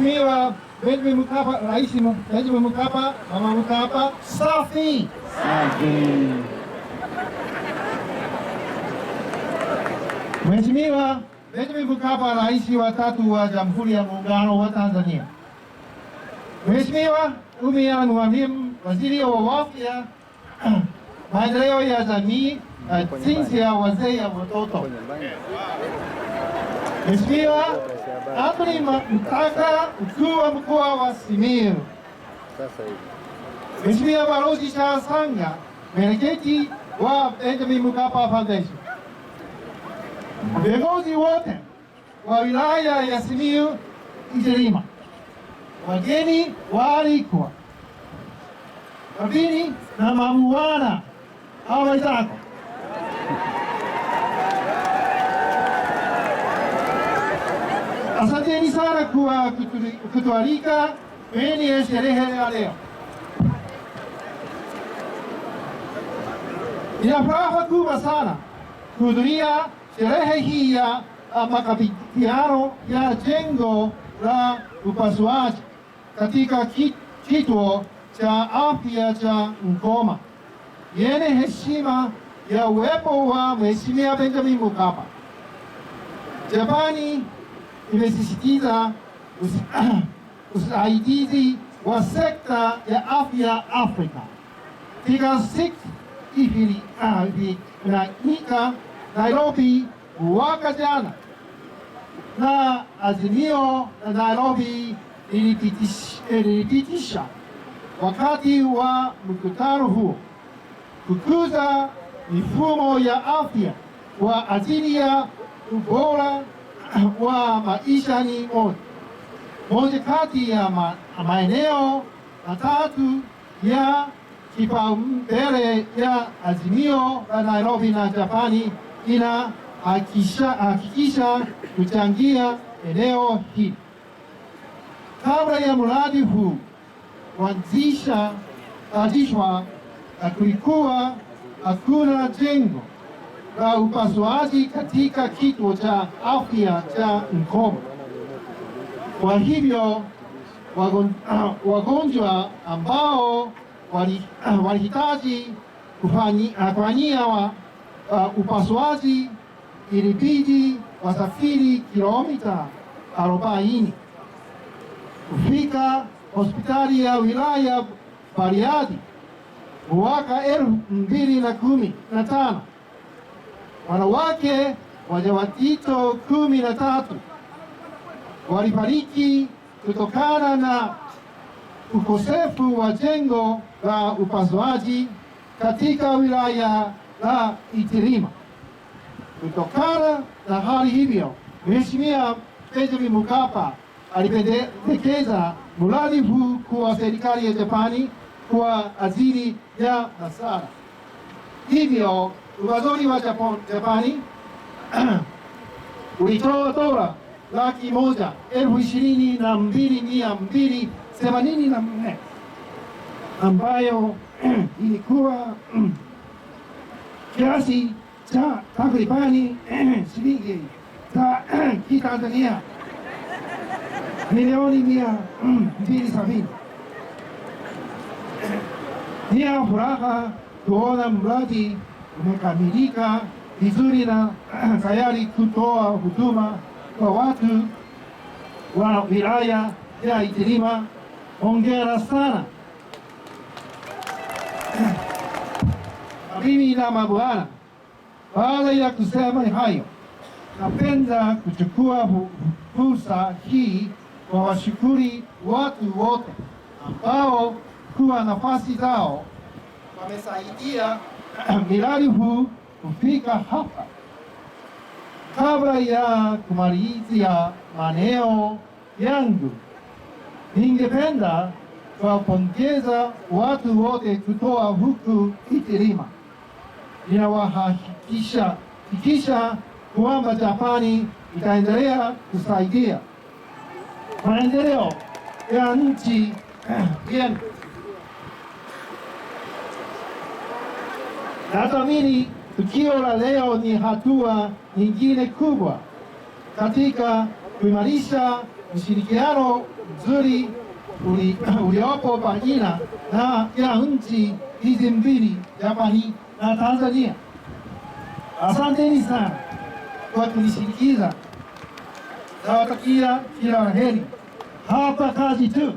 Mheshimiwa Benjamin Mkapa, Rais Benjamin Mkapa, Mama Mkapa, safi safi. Mheshimiwa Benjamin Mkapa, Rais wa tatu wa Jamhuri ya Muungano wa Tanzania. Mheshimiwa Umi Yanu Mwalimu, Waziri wa Afya, Maendeleo ya Jamii na Jinsia, Wazee na Watoto. Mheshimiwa Amri Mtaka, mkuu wa mkoa wa Simiyu. Mheshimiwa Balozi Chasanga, mwenyekiti wa Benjamin Mkapa Foundation. Viongozi wote wa wilaya ya Simiyu Itilima, wageni waalikwa, wabini na mamuwana hawawezako Asanteni sana kwa kutualika kwenye sherehe ya leo. Ina furaha kubwa sana kuhudhuria sherehe hii ya makabidhiano ya jengo la upasuaji katika kituo cha afya cha Mkoma yene heshima ya uwepo wa Mheshimiwa Benjamin Mkapa. Japani imesisitiza usaidizi wa sekta ya afya Afrika. Figa 6 ilifanyika Nairobi mwaka jana na azimio la Nairobi lilipitisha eh, wakati wa mkutano huo kukuza mifumo ya afya kwa ajili ya ubora wa maisha ni moja moja kati ya ma, maeneo matatu ya kipaumbele ya azimio la Nairobi na Japani ina kuchangia eneo hili. Kabla ya mradi huu kuanzishwa, kulikuwa hakuna jengo la upasuaji katika kituo cha afya cha Mkobo. Kwa hivyo wagonjwa ambao walihitaji kufanyiwa uh, upasuaji ilibidi wasafiri kilomita 40 kufika hospitali ya wilaya Bariadi mwaka elfu mbili na kumi na tano wanawake wajawazito kumi na tatu walifariki kutokana na ukosefu wa jengo la upasuaji katika wilaya la Itilima. Kutokana na hali hivyo, Mheshimiwa Benjamin Mkapa alipendekeza mradi huu kwa serikali ya Japani kwa ajili ya masara hivyo ubalozi wa Japani ulitoa dola laki moja elfu ishirini na mbili mia mbili themanini na nne ambayo ilikuwa kiasi cha takribani shilingi za Kitanzania milioni mia mbili sabini. Ni furaha kuona mradi umekamilika vizuri na tayari kutoa huduma kwa watu wa wilaya ya Itilima. Hongera sana. Mimi na mabwana, baada ya kusema hayo, napenda kuchukua fursa hii kwa washukuri watu wote ambao kuwa nafasi zao wamesaidia miradi huu kufika hapa. Kabla ya kumalizia maneno yangu, ningependa kuwapongeza watu wote kutoa huku Itilima. Ninawahakikisha ikisha kwamba Japani itaendelea kusaidia maendeleo ya nchi yenu. Natamini tukio la leo ni hatua nyingine kubwa katika kuimarisha ushirikiano mzuri uli, uliopo baina na ya nchi hizi mbili, Japani na Tanzania. Asanteni sana kwa kunisikiliza. Nawatakia kila la heri. Hapa kazi tu.